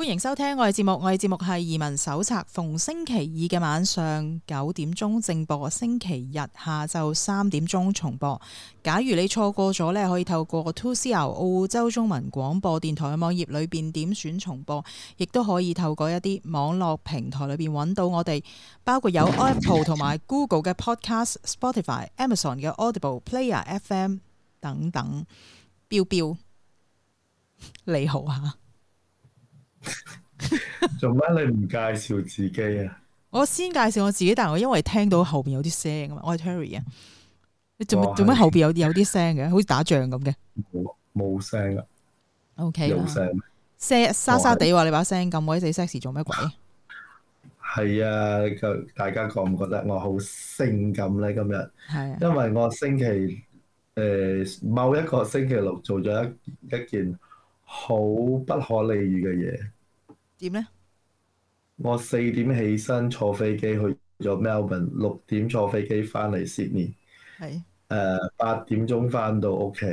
歡迎收聽我哋節目，我哋節目係移民手冊，逢星期二嘅晚上九點鐘正播，星期日下晝三點鐘重播。假如你錯過咗咧，可以透過 2CR 澳洲中文廣播電台嘅網頁裏邊點選重播，亦都可以透過一啲網絡平台裏邊揾到我哋，包括有 Apple 同埋 Google 嘅 Podcast、Spotify、Amazon 嘅 Audible、Player FM 等等。Bill Bill， 你好哈。做乜 你唔介紹自己啊？我先介紹我自己，但係我因為聽到後邊有啲聲啊嘛，我係 Tury 啊。你做乜做乜後邊有有啲聲嘅？是好似打仗咁嘅。冇冇聲啊？OK 啦了。冇聲聲沙沙地話你把聲咁，我喺四 sex 做乜鬼？係 啊，大家覺唔覺得我好性感咧？今日係，啊、因為我星期誒、呃、某一個星期六做咗一一件。一件好不可理喻嘅嘢，點呢？我四點起身坐飛機去咗 Melbourne，六點坐飛機翻嚟 Sydney，係八點鐘翻到屋企，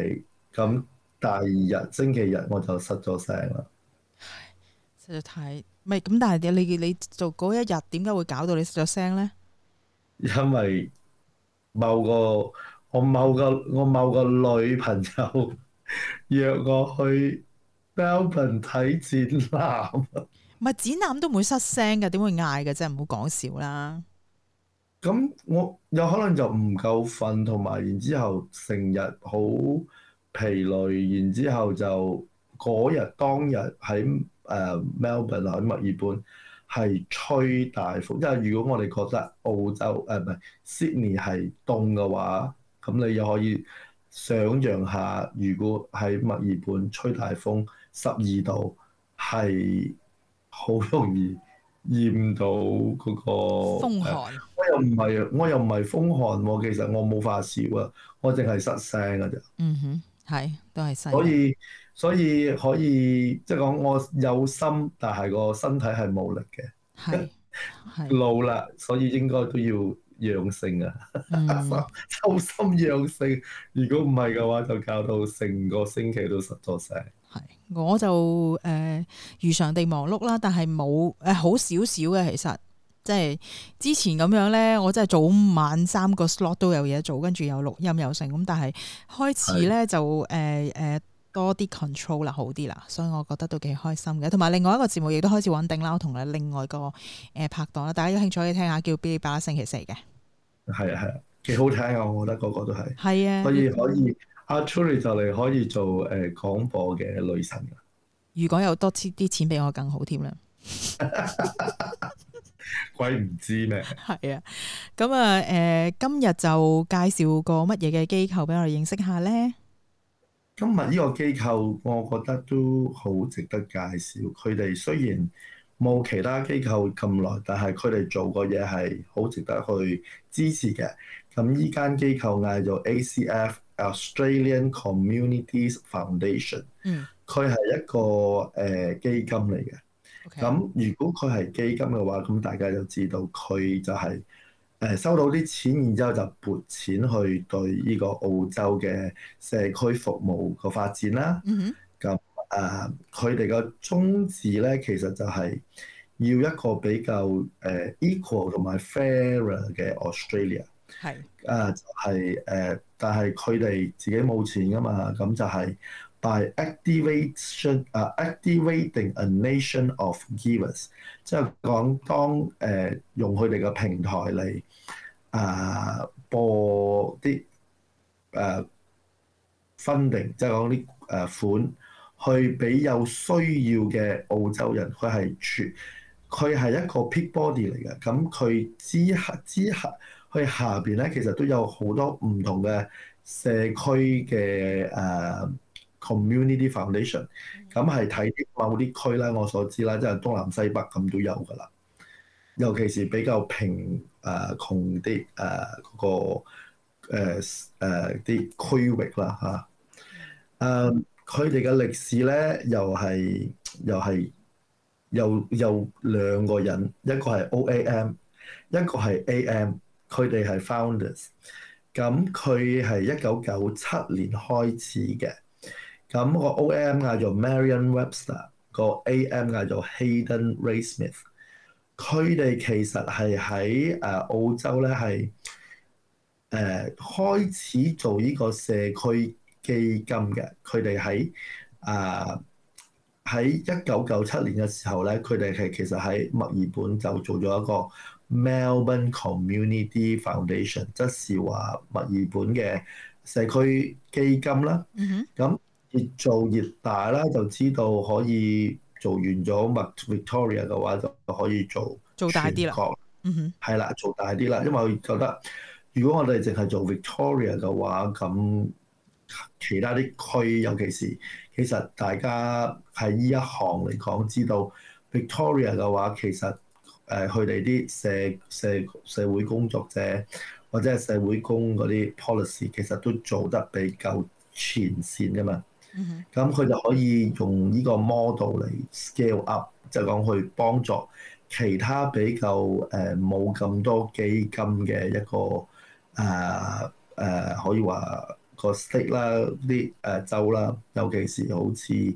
咁第二日星期日我就失咗聲啦。實在太，唔係咁，但係你你做嗰一日點解會搞到你失咗聲呢？因為某個我某個我某個女朋友 約我去。Melbourne 睇展覽啊，唔係展覽都唔會失聲嘅，點會嗌嘅啫？唔好講笑啦。咁我有可能就唔夠瞓，同埋然之後成日好疲累，然之後就嗰日當日喺誒 Melbourne 喺墨爾本係吹大風，因為如果我哋覺得澳洲誒唔係 Sydney 係凍嘅話，咁你又可以想像下，如果喺墨爾本吹大風。十二度係好容易染到嗰、那個風寒、啊、風寒。我又唔係，我又唔係風寒喎。其實我冇發燒啊，我淨係失聲啊啫。嗯哼，係都係失聲。所以所以可以即係講我有心，但係個身體係冇力嘅。係係 老啦，所以應該都要養性啊。修、嗯、 心養性。如果唔係嘅話，就搞到成個星期都失咗聲。係，我就誒、呃、如常地忙碌啦，但係冇誒好少少嘅，其實即係之前咁樣咧，我真係早晚三個 slot 都有嘢做，跟住有錄音又剩咁，但係開始咧的就誒誒、呃、多啲 control 啦，好啲啦，所以我覺得都幾開心嘅。同埋另外一個節目亦都開始穩定啦，我同另外個誒、呃、拍檔啦，大家有興趣可以聽下叫《Bill Bill 星期四》嘅，係啊係啊，幾好聽啊，我覺得個個都係，係啊的，所以可以。嗯阿 Tury 就嚟可以做誒、呃、廣播嘅女神啦。如果有多啲啲錢俾我，更好添啦。 鬼唔知咩？係啊，咁啊誒，今日就介紹個乜嘢嘅機構俾我哋認識下咧。今日呢個機構，我覺得都好值得介紹。佢哋雖然冇其他機構咁耐，但係佢哋做個嘢係好值得去支持嘅。咁呢間機構嗌做 ACF。Australian Communities Foundation，佢係、嗯、一個誒、呃、基金嚟嘅。咁 Okay. 如果佢係基金嘅話，咁大家就知道佢就係、是、誒、呃、收到啲錢，然之後就撥錢去對呢個澳洲嘅社區服務個發展啦。咁誒、mm，佢哋嘅宗旨咧，其實就係要一個比較誒、呃、equal 同埋 fairer 嘅 Australia。係。誒係誒，uh, 就是 uh, 但係佢哋自己冇錢噶嘛，咁就係 by activation 啊、uh,activating a nation of givers，即係講當誒、uh, 用佢哋嘅平台嚟啊、uh, 播啲誒 funding，即、uh, 係講啲誒、uh, 款去俾有需要嘅澳洲人，佢係全佢係一個 peak body 嚟嘅，咁佢之後之後。喺下邊咧，其實都有好多唔同嘅社區嘅誒 community foundation，咁係睇啲某啲區咧，我所知啦，即係東南西北咁都有噶啦。尤其是比較平誒窮啲誒嗰個誒啲、啊嗰個、區域啦嚇。誒佢哋嘅歷史咧，又係又係又又兩個人，一個係 OAM，一個係 AM。佢哋係 founders，咁佢係一九九七年開始嘅，咁個 O.M. 叫做 Marion Webster，個 A.M. 叫做 Hayden Ray Smith。佢哋其實係喺誒澳洲咧，係誒開始做呢個社區基金嘅。佢哋喺啊喺一九九七年嘅時候咧，佢哋係其實喺墨爾本就做咗一個。Melbourne Community Foundation，即是話墨爾本嘅社區基金啦。咁、mm hmm. 越做越大啦，就知道可以做完咗墨 Victoria 嘅話，就可以做做大啲啦。嗯、mm、係、hmm. 啦，做大啲啦。因為我覺得，如果我哋淨係做 Victoria 嘅話，咁其他啲區，尤其是其實大家喺呢一行嚟講，知道 Victoria 嘅話，其實。誒佢哋啲社社社會工作者或者係社會工嗰啲 policy 其實都做得比較前線嘅嘛，咁佢、mm hmm. 就可以用呢個 model 嚟 scale up，就講去幫助其他比較誒冇咁多基金嘅一個誒誒、呃呃、可以話個 state 啦，啲誒州啦，尤其是好似。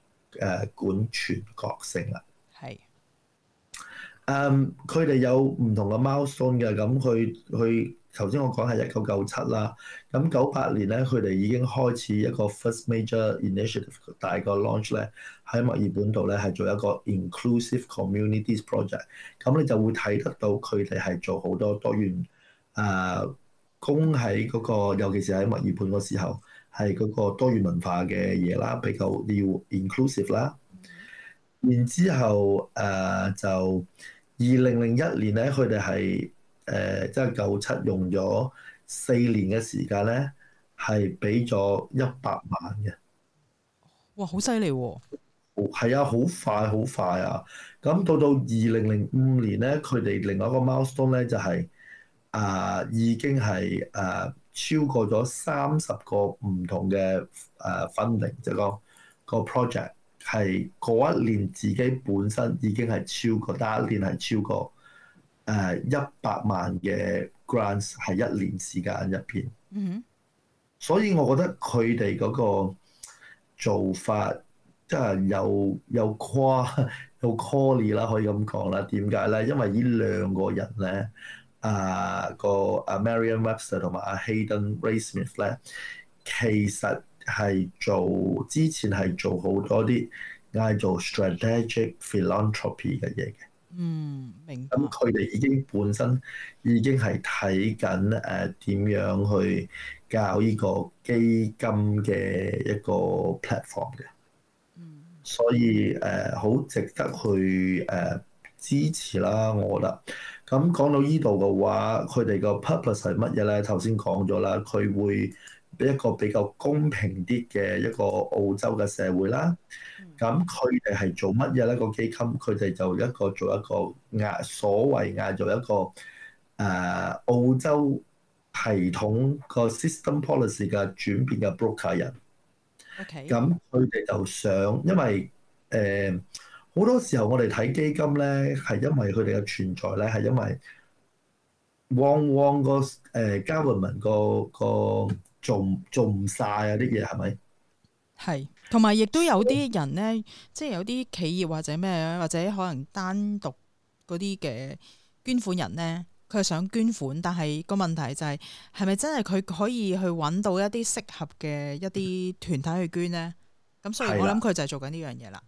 誒、呃、管全國性啦，係是，誒佢哋有唔同嘅 milestone 嘅，咁佢佢頭先我講係一九九七啦，咁九八年咧，佢哋已經開始一個 first major initiative 大個 launch 咧，喺墨爾本度咧係做一個 inclusive communities project，咁你就會睇得到佢哋係做好多多元誒公喺嗰個，尤其是喺墨爾本個時候，係嗰個多元文化嘅嘢啦，比較要 inclusive 啦。嗯、然之後，誒、呃、就二零零一年咧，佢哋係誒即係九七用咗四年嘅時間咧，係俾咗一百萬嘅。哇！好犀利喎！係啊，好、哦啊、快，好快啊！咁到到二零零五年咧，佢哋另外一個 milestone 咧就係、是、啊、呃，已經係誒。呃超過咗三十個唔同嘅誒 funding，即係講個 project 係嗰一年自己本身已經係超過，單一年係超過誒一百萬嘅 grants 係一年時間入邊。嗯、mm hmm. 所以我覺得佢哋嗰個做法真係有，有，有跨，有 call 啦，可以咁講啦。點解咧？因為呢兩個人咧。啊，個阿、uh, Marian Webster 同埋阿 Hayden Raismith 咧，其實係做之前係做好多啲嗌做 strategic philanthropy 嘅嘢嘅。嗯，明。咁佢哋已經本身已經係睇緊誒點樣去教呢個基金嘅一個 platform 嘅。嗯、所以誒，好、呃、值得去誒、呃、支持啦，我覺得。咁講到呢度嘅話，佢哋個 purpose 係乜嘢咧？頭先講咗啦，佢會畀一個比較公平啲嘅一個澳洲嘅社會啦。咁佢哋係做乜嘢咧？個基金佢哋就一個做一個嗌所謂嗌做一個誒澳洲系統個 system policy 嘅轉變嘅 broker 人。OK。咁佢哋就想，因為誒。好多時候我哋睇基金咧，係因為佢哋嘅存在咧，係因為往往、呃、個誒 government 個做做唔晒。啊啲嘢係咪？係，同埋亦都有啲人咧，即係有啲企業或者咩，或者可能單獨嗰啲嘅捐款人咧，佢係想捐款，但係個問題就係係咪真係佢可以去揾到一啲適合嘅一啲團體去捐咧？咁所以我諗佢就係做緊呢樣嘢啦。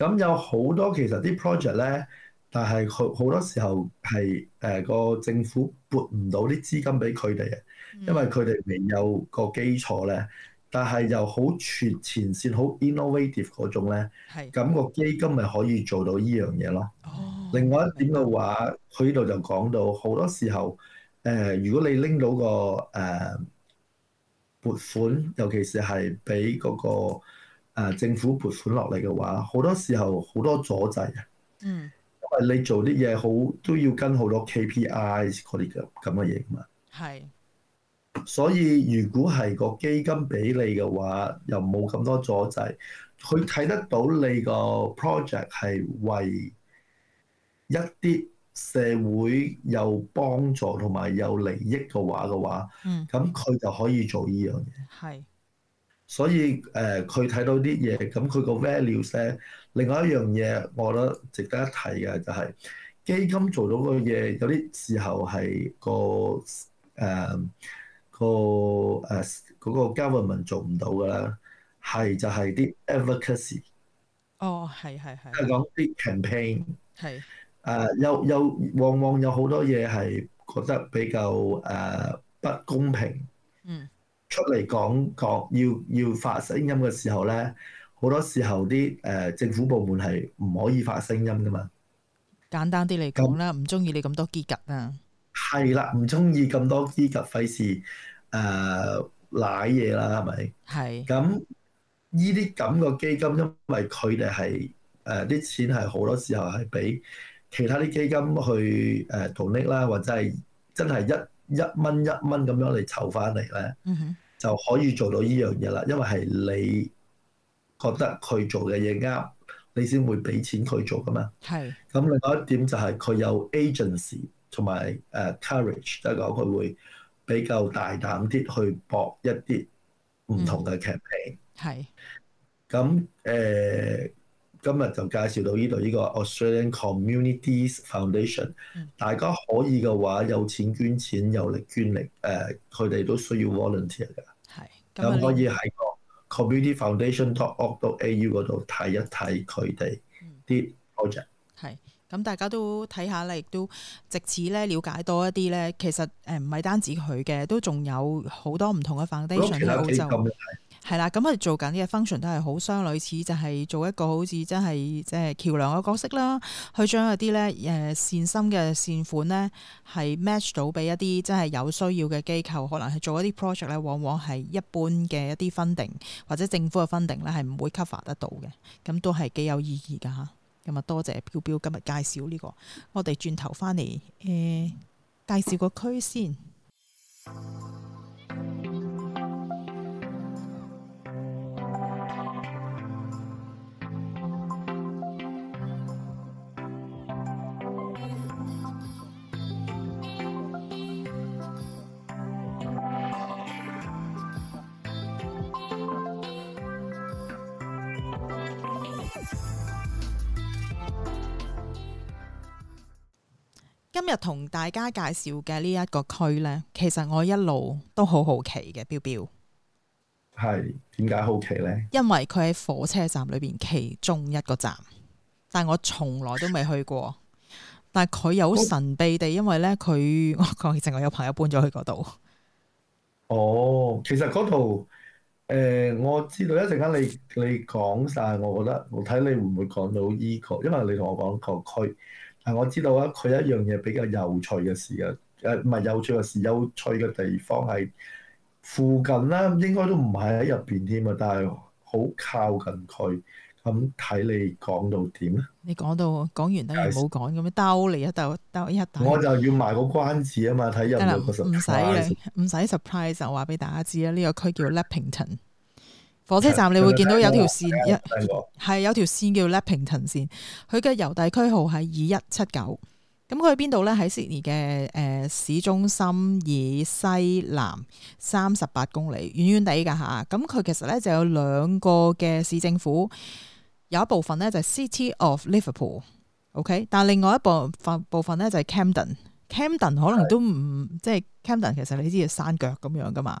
咁有好多其實啲 project 咧，但係好好多時候係誒個政府撥唔到啲資金俾佢哋嘅，因為佢哋未有個基礎咧。但係又好全前線、好 innovative 嗰種咧，咁個基金咪可以做到依樣嘢咯。哦。另外一點嘅話，佢依度就講到好多時候，誒如果你拎到個誒撥款，尤其是係俾嗰個。啊！政府撥款落嚟嘅話，好多時候好多阻滯啊。嗯，因為你做啲嘢好都要跟好多 KPI 嗰啲咁咁嘅嘢嘛。係是，所以如果係個基金俾你嘅話，又冇咁多阻滯，佢睇得到你個 project 係為一啲社會有幫助同埋有利益嘅話嘅話，嗯，咁佢就可以做呢樣嘢。係。所以誒，佢、呃、睇到啲嘢，咁佢個 values 咧。另外一樣嘢，我覺得值得一提嘅就係、是、基金做到個嘢，有啲時候係個誒、呃、個誒嗰、呃那個、government 做唔到㗎喇，係就係啲 advocacy。哦，係係係。即係講啲 campaign 是。係、呃。誒，又又往往有好多嘢係覺得比較誒、呃、不公平。嗯。出嚟講講，要要發聲音嘅時候咧，好多時候啲誒政府部門係唔可以發聲音噶嘛。簡單啲嚟講啦，唔中意你咁多結格啊。係啦，唔中意咁多結格，費事誒賴嘢啦，係咪？係。咁依啲咁個基金，因為佢哋係誒啲錢係好多時候係畀其他啲基金去誒淘 Nick 啦，或者係真係一，一蚊一蚊咁樣嚟籌翻嚟咧，mm hmm. 就可以做到呢樣嘢啦。因為係你覺得佢做嘅嘢啱，你先會俾錢佢做噶嘛。係是。咁另外一點就係佢有 agency 同埋誒 courage，即係講佢會比較大膽啲去搏一啲唔同嘅劇情。係、mm。咁、hmm. 誒。今日就介紹到呢度呢個 Australian Communities Foundation，大家可以嘅話有錢捐錢，有力捐力，誒佢哋都需要 volunteer 嘅，咁可以喺個 communityfoundation.org.au 嗰度睇一睇佢哋啲 project。係，咁大家都睇下咧，亦都藉此咧瞭解多一啲咧。其實誒唔係單止佢嘅，都仲有好多唔同嘅 foundation 喺澳洲。係啦，咁佢做緊啲 function 都係好相類似，就係、是、做一個好似真係即係橋梁嘅角色啦，去將一啲咧誒善心嘅善款呢，係 match 到俾一啲真係有需要嘅機構，可能係做一啲 project 咧，往往係一般嘅一啲 funding 或者政府嘅 funding 咧係唔會 cover 得到嘅，咁都係幾有意義㗎嚇。咁啊，多謝 Bill Bill 今日介紹呢、這個，我哋轉頭翻嚟誒介紹個區先。今日同大家介紹嘅呢一個區呢，其實我一路都好好奇嘅。Bill Bill，係點解好奇呢？因為佢喺火車站裏邊其中一個站，但我從來都未去過。 但係佢有神秘地，因為呢，佢我講，其實我有朋友搬咗去嗰度。哦，其實嗰度誒，我知道一陣間你你講晒，但我覺得我睇你會唔會講到呢個？因為你同我講個區。我知道啊，佢一樣嘢比較有趣嘅事啊。誒唔係有趣嘅事，有趣嘅地方係附近啦，應該都唔係喺入邊添啊，但係好靠近佢，咁睇你講到點啊？是你講到講完等佢好講咁樣兜你啊，兜兜一日我就要賣個關子啊嘛，睇入唔唔使唔使 surprise，就話俾大家知啊，呢、呢個區叫 Leppington。火車站你會見到有條線一係、嗯嗯嗯嗯嗯、有條線叫 Leppington 線，佢嘅郵遞區號係二一七九。咁佢喺邊度呢？喺悉尼嘅誒市中心以西南三十八公里，遠遠地㗎吓。咁佢其實呢就有兩個嘅市政府，有一部分呢就係、是、City of Liverpool，OK，、okay？但係另外一部分部分呢就係、是、Camden。Camden 可能都唔的即係 Camden，其實你知嘅山腳咁樣㗎嘛。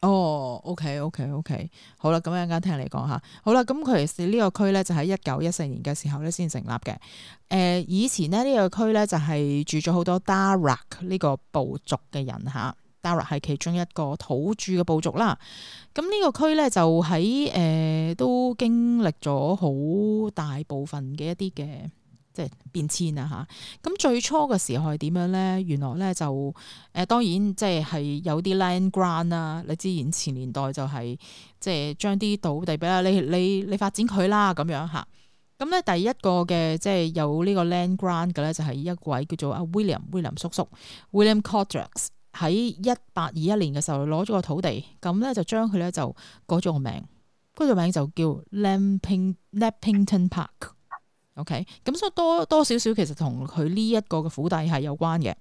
哦、oh，OK，OK，OK，okay, okay, okay. 好啦，咁一陣間聽你講下。好啦，咁佢哋呢個區咧就喺一九一四年嘅時候咧先成立嘅。誒、呃，以前呢，呢個區咧就係住咗好多 Darake 呢個部族嘅人吓。啊、Darake 係其中一個土著嘅部族啦。咁呢個區咧就喺誒、呃、都經歷咗好大部分嘅一啲嘅。即係變遷啊嚇！咁最初嘅時候係點樣咧？原來咧就誒、呃、當然即係係有啲 land grant 啦。你知以前年代就係即係將啲土地俾啦，你你你發展佢啦咁樣嚇。咁、嗯、咧第一個嘅即係有呢個 land grant 嘅咧，就係一位叫做阿 William William 叔叔 William Cordeaux 喺一八二一年嘅時候攞咗個土地，咁咧就將佢咧就改咗個名，嗰、那個名就叫 Lepping Leppington Park。OK，咁所以多多少少其實同佢呢一個嘅苦底係有關嘅。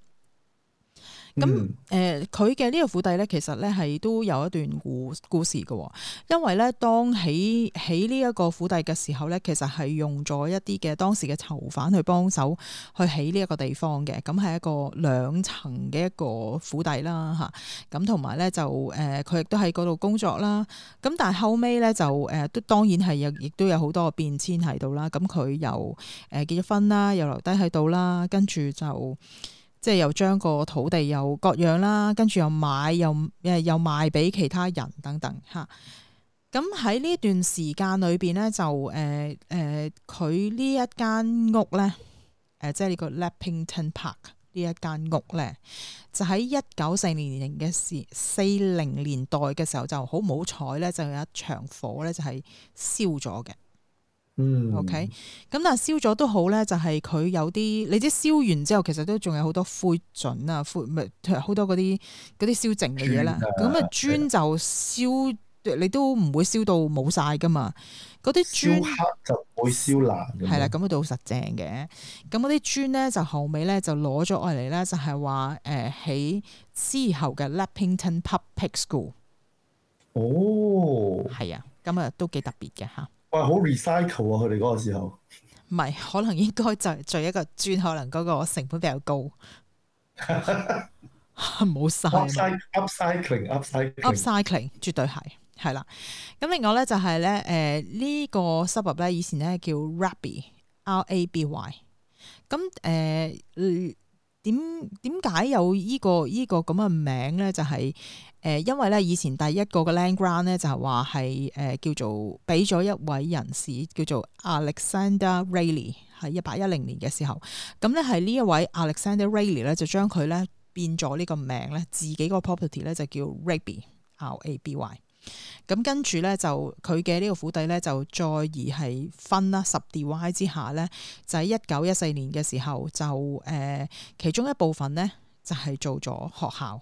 咁誒，佢嘅呢個府邸咧，其實咧係都有一段故故事嘅，哦。因為咧，當起起呢一個府邸嘅時候咧，其實係用咗一啲嘅當時嘅囚犯去幫手去起呢一個地方嘅。咁係一個兩層嘅一個府邸啦，嚇、啊。咁同埋咧就誒，佢、呃、亦都喺嗰度工作啦。咁但係後尾咧就誒，都、呃、當然係有，亦都有好多變遷喺度啦。咁佢又誒結咗婚啦，又留低喺度啦，跟住就。即係又將個土地又割讓啦，跟住又買又誒又賣俾其他人等等吓。咁喺呢段時間裏邊呢，就誒誒佢呢一間屋呢，誒，即係呢個 Leppington Park 呢一間屋呢，就喺一九四零年嘅時四零年代嘅時，時候就好唔好彩呢，就有一場火呢，就係燒咗嘅。嗯，OK，咁但係燒咗都好咧，就係、是、佢有啲，你知燒完之後，其實都仲有好多灰燼啊，灰唔係好多嗰啲啲燒剩嘅嘢啦。咁啊，磚就燒，的你都唔會燒到冇晒噶嘛。嗰啲磚就會燒爛。係啦，咁都好實正嘅。咁嗰啲磚咧，後就，就、呃、後尾咧就攞咗愛嚟咧，就係話誒喺之後嘅 Leppington Public School。哦。係啊，咁啊都幾特別嘅嚇。喂，好 recycle 啊！佢哋嗰個時候、啊，唔係，可能應該就係做一個磚，可能嗰個成本比較高。冇晒 ，upcycling，upcycling，upcycling 絕對係，係啦。咁另外咧就係、係、咧，誒、呃這個、呢個 suburb 咧以前咧叫 Raby，R A B Y。咁誒，點點解有、這個這個、這呢個呢個咁嘅名咧？就係、係。誒，因為咧，以前第一個嘅 land grant 咧，就係話係誒叫做俾咗一位人士叫做 Alexander Rayleigh 喺一八一零年嘅時候，咁咧係呢一位 Alexander Rayleigh 咧就將佢咧變咗呢個名咧自己個 property 咧就叫 Raby R A B Y，咁跟住咧就佢嘅呢個府邸咧就再而係分啦，十 d Y 之下咧就喺一九一四年嘅時候就誒、呃、其中一部分咧就係、是、做咗學校。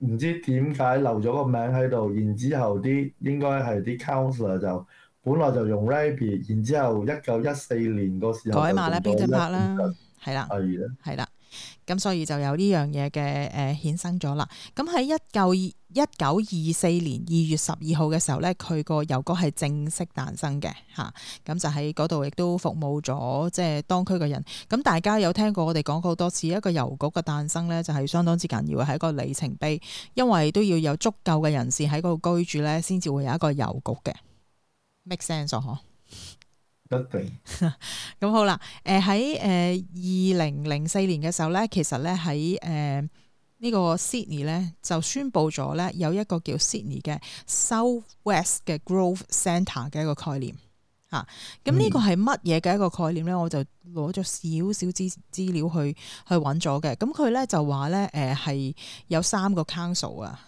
唔知點解留咗個名喺度，然之後啲應該係啲 counselor 就本來就用 ruby，然之後一九一四年嗰時候 1. 改碼咧，邊隻拍啦？係啦的，係啦。咁所以就有呢樣嘢嘅誒衍生咗啦。咁喺一九一九二四年二月十二號嘅時候呢，佢個郵局係正式誕生嘅嚇。咁、啊、就喺嗰度亦都服務咗即係當區嘅人。咁大家有聽過我哋講過好多次，一個郵局嘅誕生呢，就係、是、相當之緊要，嘅，係一個里程碑，因為都要有足夠嘅人士喺嗰度居住呢，先至會有一個郵局嘅。Make sense 啊？咁、 嗯、好啦。誒喺誒二零零四年嘅時候咧，其實咧喺誒呢、呃這個 Sydney 咧就宣佈咗咧有一個叫 Sydney 嘅 South West 嘅 Growth Centre 嘅一個概念嚇。咁、啊、呢、嗯嗯、個係乜嘢嘅一個概念咧？我就攞咗少少資資料去去揾咗嘅。咁佢咧就話咧誒係有三個 Council 啊。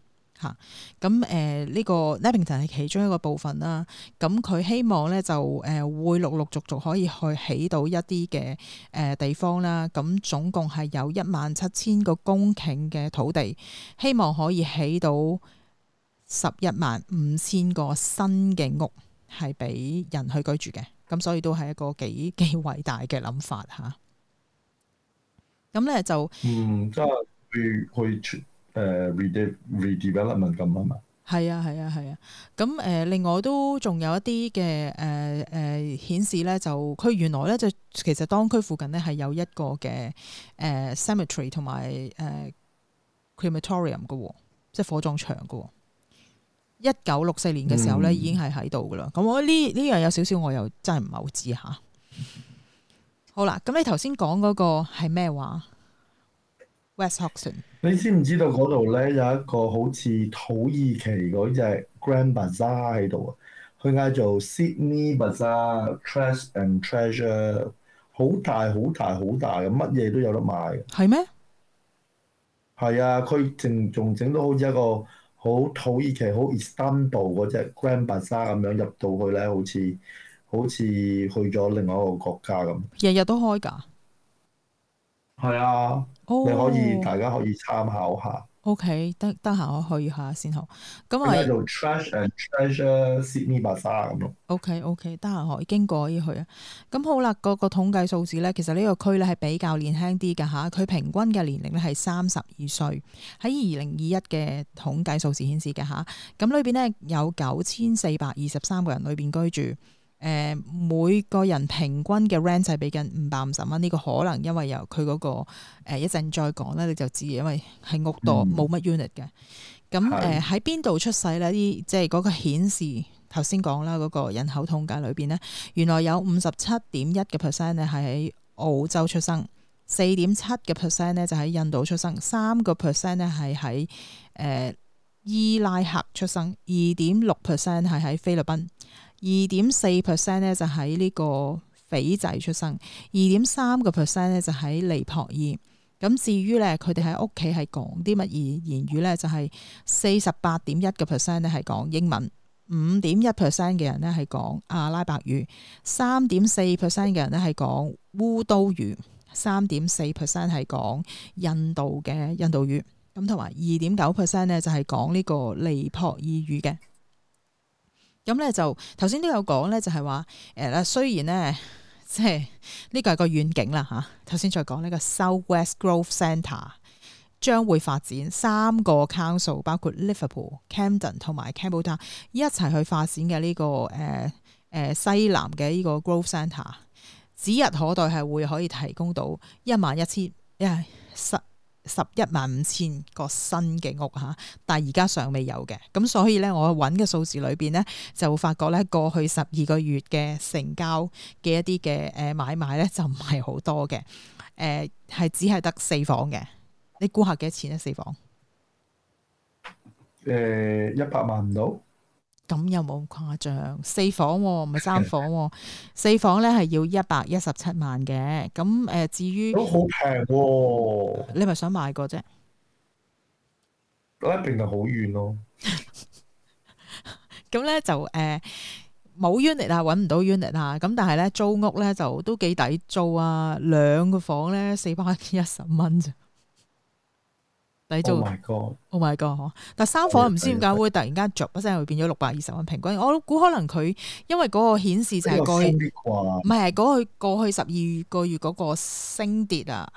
嚇咁誒呢個 Leppington 係其中一個部分啦。咁、啊、佢希望咧就誒會陸陸續續可以去起到一啲嘅誒地方啦。咁、啊、總共係有一萬七千個公頃嘅土地，希望可以起到十一萬五千個新嘅屋，係俾人去居住嘅。咁、啊、所以都係一個幾幾偉大嘅諗法嚇。咁、啊、咧、啊、就嗯，即係去。誒 redevelopment 咁啊嘛，係啊係啊係啊，咁誒、啊啊呃、另外都仲有一啲嘅誒誒顯示咧，就佢原來咧就其實當區附近咧係有一個嘅誒、呃、cemetery 同埋誒、呃、crematorium 嘅喎、哦，即係火葬場嘅喎。一九六四年嘅時候咧、嗯、已經係喺度噶啦。咁我呢呢樣有少少我又真係唔係好知嚇。 好啦，咁你頭先講嗰個係咩話？West Hoxton，你知唔知道嗰度咧有一個好似土耳其嗰隻 Grand Bazaar 喺度啊？佢嗌做 Sydney Bazaar，Trash and Treasure，好大好大好大嘅，乜嘢都有得賣嘅。係咩嗎？係啊，佢仲仲整到好似一個好土耳其好 Istanbul 嗰隻 Grand Bazaar 咁樣入到去咧，好似好似去咗另外一個國家咁。日日都開㗎。係啊， 哦、你可以大家可以參考下。O、okay, K，得得閒我去下先好。咁我喺度 O K O K，得閒可以經過可以去啊。咁好啦，嗰、那個那個統計數字咧，其實個區呢個區咧係比較年輕啲嘅吓，佢平均嘅年齡咧係三十二歲，喺二零二一嘅統計數字顯示嘅吓。咁裏邊咧有九千四百二十三個人裏邊居住。誒每個人平均嘅 rent 係俾緊五百五十蚊，呢、呢個可能因為由佢嗰、嗰個、呃、一陣再講啦，你就知，因為係屋多冇乜 unit 嘅。咁誒喺邊度出世呢？啲即係嗰個顯示頭先講啦，嗰個人口統計裏邊呢，原來有五十七點一嘅 percent 咧係喺澳洲出生，四點七嘅 percent 咧就喺印度出生，三個 percent 咧係喺誒伊拉克出生，二點六 percent 係喺菲律賓。二點四 percent 咧就喺、是、呢個斐濟出生，二點三個 percent 咧就喺、是、尼泊爾。咁至於咧佢哋喺屋企係講啲乜嘢言語咧，就係四十八點一個 percent 咧係講英文，五點一 percent 嘅人咧係講阿拉伯語，三點四 percent 嘅人咧係講烏都語，三點四 percent 係講印度嘅印度語。咁同埋二點九 percent 咧就係講呢個尼泊爾語嘅。咁咧就頭先都有講咧，就係話誒啦。雖然咧，即係呢個係、個遠景啦吓，頭先再講呢個 South West Growth Centre 將會發展三個 Council，包括 Liverpool、Camden 同埋 Campbelltown 一齊去發展嘅呢、這個誒誒、呃呃、西南嘅呢個 Growth Centre，指日可待係會可以提供到一萬一千一十。十一萬五千個新嘅屋吓，但係而家尚未有嘅，咁所以咧我揾嘅數字裏邊咧就會發覺咧過去十二個月嘅成交嘅一啲嘅誒買賣咧就唔係好多嘅，誒、呃、係只係得四房嘅，你估下幾多錢一四房？誒一百萬唔到。咁又冇咁誇張？四房喎、啊，唔係三房喎、啊。 四房咧係要一百一十七萬嘅。咁誒、呃，至於都好平喎。你咪想買過啫？一定係好遠咯。咁咧 就誒冇、呃、unit 啊，揾唔到 unit 啊。咁但係咧租屋咧就都幾抵租啊。兩個房咧四百一十蚊啫。抵做，oh my god，oh my god，但三房唔知點解會突然間 drop 聲，又變咗六百二十蚊平均，我估可能佢因為嗰個顯示就係過去，唔係係嗰個過去十二個月嗰個升跌啊，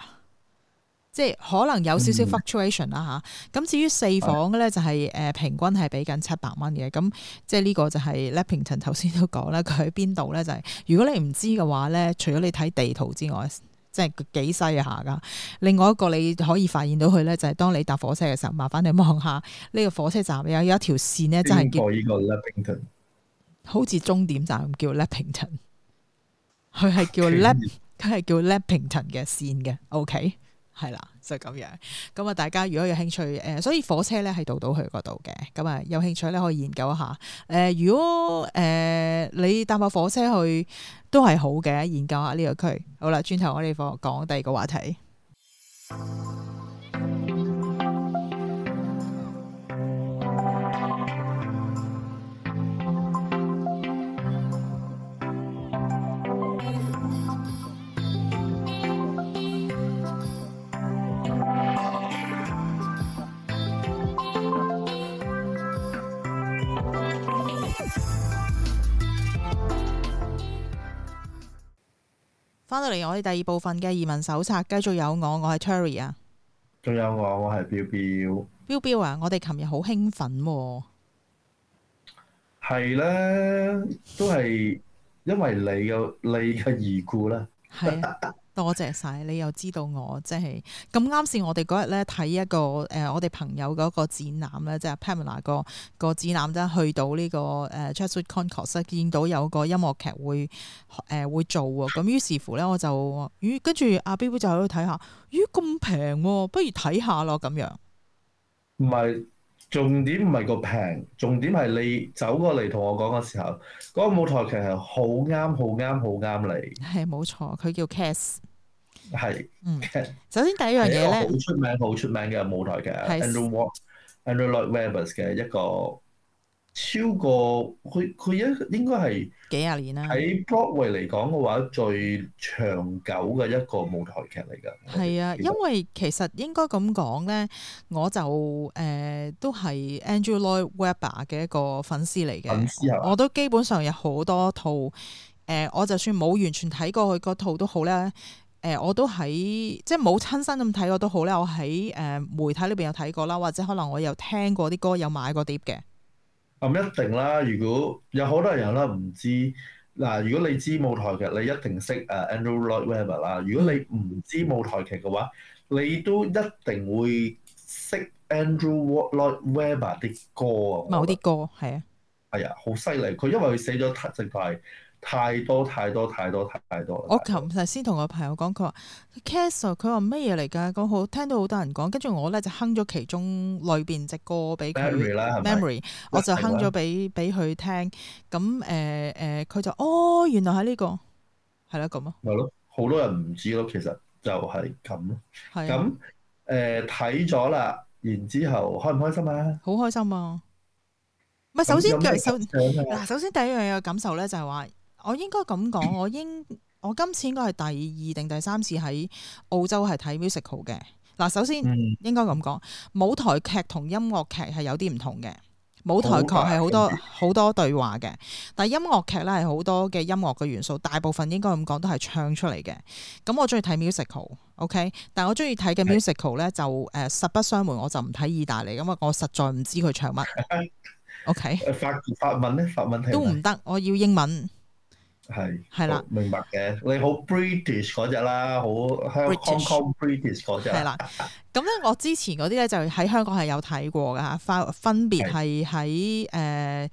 即係可能有少少 fluctuation 啦吓、嗯，咁、啊、至於四房咧的，就係誒平均係畀緊七百蚊嘅，咁即係呢個就係 Leppington 頭先都講啦，佢喺邊度咧就係，如果你唔知嘅話咧，除咗你睇地圖之外。即係幾細下㗎。另外一個你可以發現到佢咧，就係當你搭火車嘅時候，麻煩你望下呢個火車站有有一條線咧，真係叫呢個 Leppington，好似終點站咁叫 Leppington。佢係叫 Lep，佢係叫 Leppington 嘅線嘅，OK。係啦，就係咁樣。咁啊，大家如果有興趣誒、呃，所以火車咧係到到去嗰度嘅。咁啊，有興趣咧可以研究一下。誒、呃，如果誒、呃、你搭架火車去都係好嘅，研究下呢個區。好啦，轉頭我哋放講第二個話題。翻到嚟我哋第二部分嘅移民手冊，繼續有我，我係 Tury 啊，仲有我，我係 Bill Bill，Bill Bill 啊！我哋琴日好興奮，啊，係咧， 啊，都係因為你嘅你嘅而故啦。多謝晒，你又知道我即係咁啱。時我哋嗰日咧睇一個誒、呃，我哋朋友嗰個展覽咧，即係 Pamela、那個那個展覽咧，去到呢、這個誒、呃、Chatswood Concourse 見到有個音樂劇會誒、呃、會做喎。咁於是乎咧，我就咦跟住阿 Bill 就去睇下，咦咁平，不如睇下咯咁樣。唔係。重點唔係個平，重點係你走過嚟同我講嘅時候，嗰、那個舞台劇係好啱，好啱，好啱你。係冇錯，佢叫 Cats。係嗯、首先第一樣嘢咧，好出名，好出名嘅舞台劇。係。Andrew Lloyd、Webber 嘅 Cats 一個。超過佢佢一應該係幾廿年啦。喺 Broadway 嚟講嘅話，最長久嘅一個舞台劇嚟㗎。係啊，因為其實應該咁講咧，我就誒、呃、都係 Andrew Lloyd Webber 嘅一個粉絲嚟嘅。粉絲我都基本上有好多套誒、呃，我就算冇完全睇過佢嗰套都好咧。誒、呃，我都喺即係冇親身咁睇過都好咧。我喺誒媒體呢邊有睇過啦，或者可能我有聽過啲歌，有買過碟嘅。咁、嗯、一定啦，如果有好多人啦，唔知嗱，如果你知舞台劇，你一定識誒 Andrew Lloyd Webber 啦。如果你唔知舞台劇嘅話，你都一定會識 Andrew Lloyd Webber 啲歌啊，某啲歌係啊，係啊，好犀利！佢因為佢寫咗泰正太多太多太多太多啦！我琴日先同個朋友講，佢話 Cats 佢話乜嘢嚟㗎？講好聽到好多人講，跟住我咧就哼咗其中裏邊隻歌俾佢 Memory，我就哼咗俾俾佢聽。咁誒誒，佢、呃呃、就哦，原來係呢、呢個，係啦咁咯。係咯，好多人唔知咯，其實就係咁咯。係咁誒，睇咗啦，然之後開唔開心啊？好開心啊！咪首先、啊、首嗱，首先第一樣嘢嘅感受咧、就係，就係話。我應該咁講，我應我今次應該係第二定第三次喺澳洲係睇 musical 嘅。嗱，首先、嗯、應該咁講，舞台劇同音樂劇係有啲唔同嘅。舞台劇係好多好大多對話嘅，但係音樂劇咧係好多嘅音樂嘅元素，大部分應該咁講都係唱出嚟嘅。咁我中意睇 musical，OK？Okay? 但係我中意睇嘅 musical 咧是就誒、呃、實不相瞞，我就唔睇意大利咁，我實在唔知佢唱乜。 OK？法法文咧，法文都唔得，我要英文。係，係啦，的明白嘅。你好 British 嗰隻啦，好香 Hong Kong British 嗰隻。係啦，咁咧我之前嗰啲咧就喺香港係有睇過噶，分分別係喺誒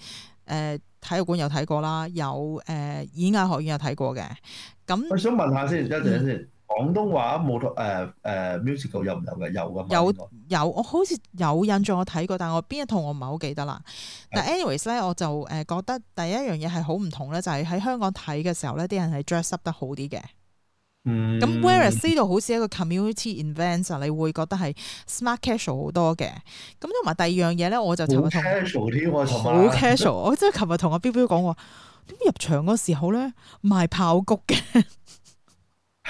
誒體育館有睇過啦，有誒、呃、演藝學院有睇過嘅。咁，我想問下先，等一陣先。廣東話冇套誒誒 musical 有唔有嘅？有噶。有有，我好似有印象我睇過，但係我邊一套我唔係好記得啦。的但 anyways 咧，我就誒覺得第一樣嘢係好唔同咧，就係、是、喺香港睇嘅時候咧，啲人係 dress up 得好啲嘅。咁 Whereas 呢度好似一個 community event 啊，你會覺得係 smart casual 好多嘅。咁同埋第二樣嘢咧，我就同 c a s u 好 casual、啊。Cas ual，我即係琴日同阿 Bill Bill 講話，點解入場嗰時候咧賣爆谷嘅？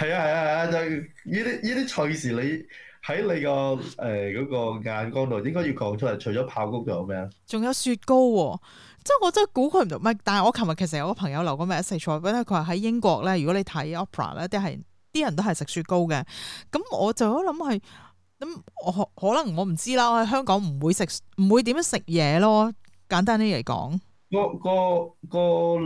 係啊，係啊，係啊！就係呢啲呢啲趣事，啊、你喺你、欸嗰個誒嗰眼光度應該要講出嚟。除咗爆谷，仲有咩啊？仲有雪糕喎、哦！即係我真係估佢唔到。咩。但係我琴日其實有個朋友留個咩一齊坐，因為佢話喺英國咧，如果你睇 Opera 咧，啲係啲人都係食雪糕嘅。咁我就一諗係咁，我可能我唔知啦。我喺香港唔會食，唔會點樣食嘢咯。簡單啲嚟講，個個個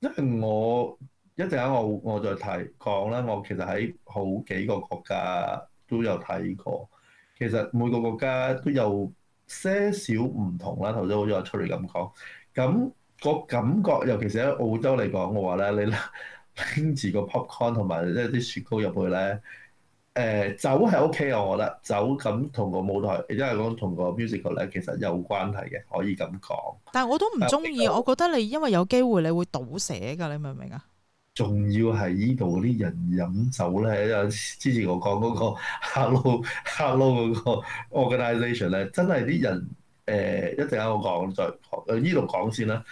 因為我。一陣間我我再提講啦。我其實喺好幾個國家都有睇過，其實每個國家都有些少唔同啦。頭先好似阿 Tury 咁講，咁個感覺，尤其是喺澳洲嚟講嘅話咧，你拎住個 popcorn 同埋一啲雪糕入去咧，誒、呃、走係 OK，我覺得走咁同個舞台，因為講同個 musical 咧，其實有關係嘅，可以咁講。但係我都唔中意，我覺得你因為有機會你會倒寫㗎，你明唔明啊？仲要係依度啲人飲酒咧，啊之前我講嗰個 hello hello 嗰個 organization 咧，真係啲人誒，一陣喺度講再呢度講先啦。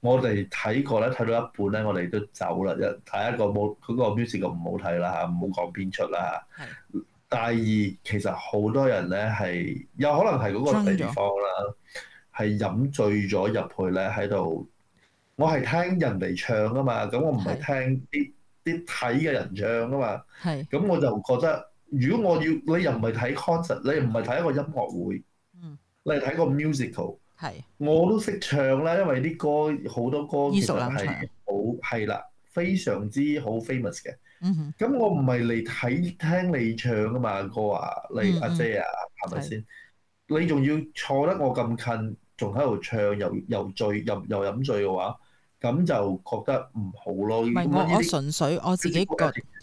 我哋睇過咧，睇到一半咧，我哋都走啦。一睇一個冇嗰，嗰個 music 個唔好睇啦，嚇唔好講邊出啦。係的。第二其實好多人咧係有可能係嗰個地方啦，係飲了醉咗入去咧喺度。我係聽人哋唱啊嘛，咁我唔係聽啲啲睇嘅人唱啊嘛，咁是我就覺得，如果我要你又唔係睇 concert，你又唔係睇一個音樂會，嗯、你係睇個 musical，是我都識唱啦，因為啲歌好多歌其實係好係啦，非常之好 famous 嘅，咁、嗯、哼我唔係嚟睇聽你唱啊嘛，哥、那、啊、個，你阿、嗯哼啊、姐啊，係咪先？嗯、哼是你仲要坐得我咁近，仲喺度唱，又又，又醉又醉又飲醉嘅話，咁就覺得唔好咯。唔係是我我純粹我自己覺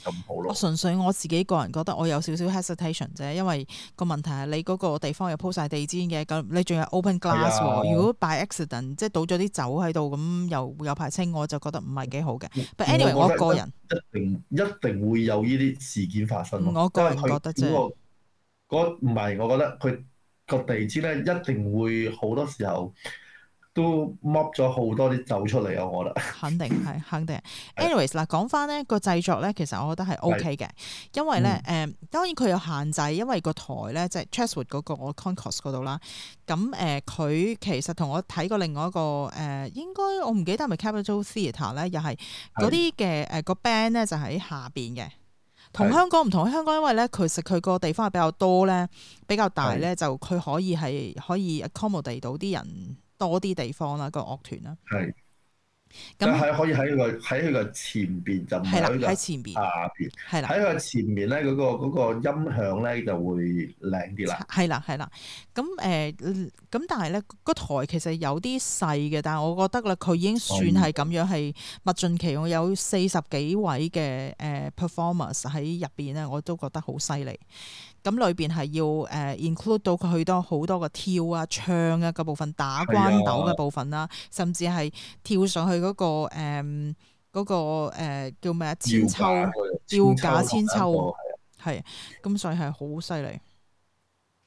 咁好咯。 純粹我自己個人覺得我有少少 hesitation 啫，因為個問題係你嗰個地方又鋪晒地氈嘅，咁你仲有 open glass 喎、啊。如果 by accident 即係倒咗啲酒喺度，咁又有排清，我就覺得唔係幾好嘅。But anyway，我，我個人一定一定會有呢啲事件發生。我個人覺得啫，嗰唔係我覺得佢個地氈咧，一定會好多時候。都剝咗好多啲走出嚟，啊，我覺得肯定係肯定。Anyways 嗱，講翻呢個製作咧，其實我覺得係 OK 嘅，是因為咧誒、嗯呃，當然佢有限制，因為個台、就是那個台咧即係 Chatswood s 嗰個我 Concourse 嗰度啦。咁、嗯、誒，佢、呃、其實同我睇過另外一個誒、呃，應該我唔記得係咪 Capital Theatre 咧，又係嗰啲嘅誒個 band 咧就喺下邊嘅。同香港唔同香港，因為咧佢其實佢個地方係比較多咧，比較大咧，是就佢可以係可以 accommodate 到啲人。多啲地方啦，個樂團啦，係咁係可以喺個喺佢個前邊就係啦，喺前邊下邊係啦，喺個前面咧嗰個音響咧就會靚啲啦。係啦，係啦。咁誒咁，但係咧個台其實有啲細嘅，但係我覺得啦，佢已經算係咁樣係，物盡其用，有四十幾位嘅誒、呃、performers 喺入邊咧，我都覺得好犀利。咁裏邊係要誒、uh, include 到佢好多好多個跳啊、唱啊個部分、打關鬥嘅部分啦，的甚至係跳上去嗰、那個誒嗰、um, 那個 uh, 叫咩千秋吊架千秋係，咁所以係好犀利。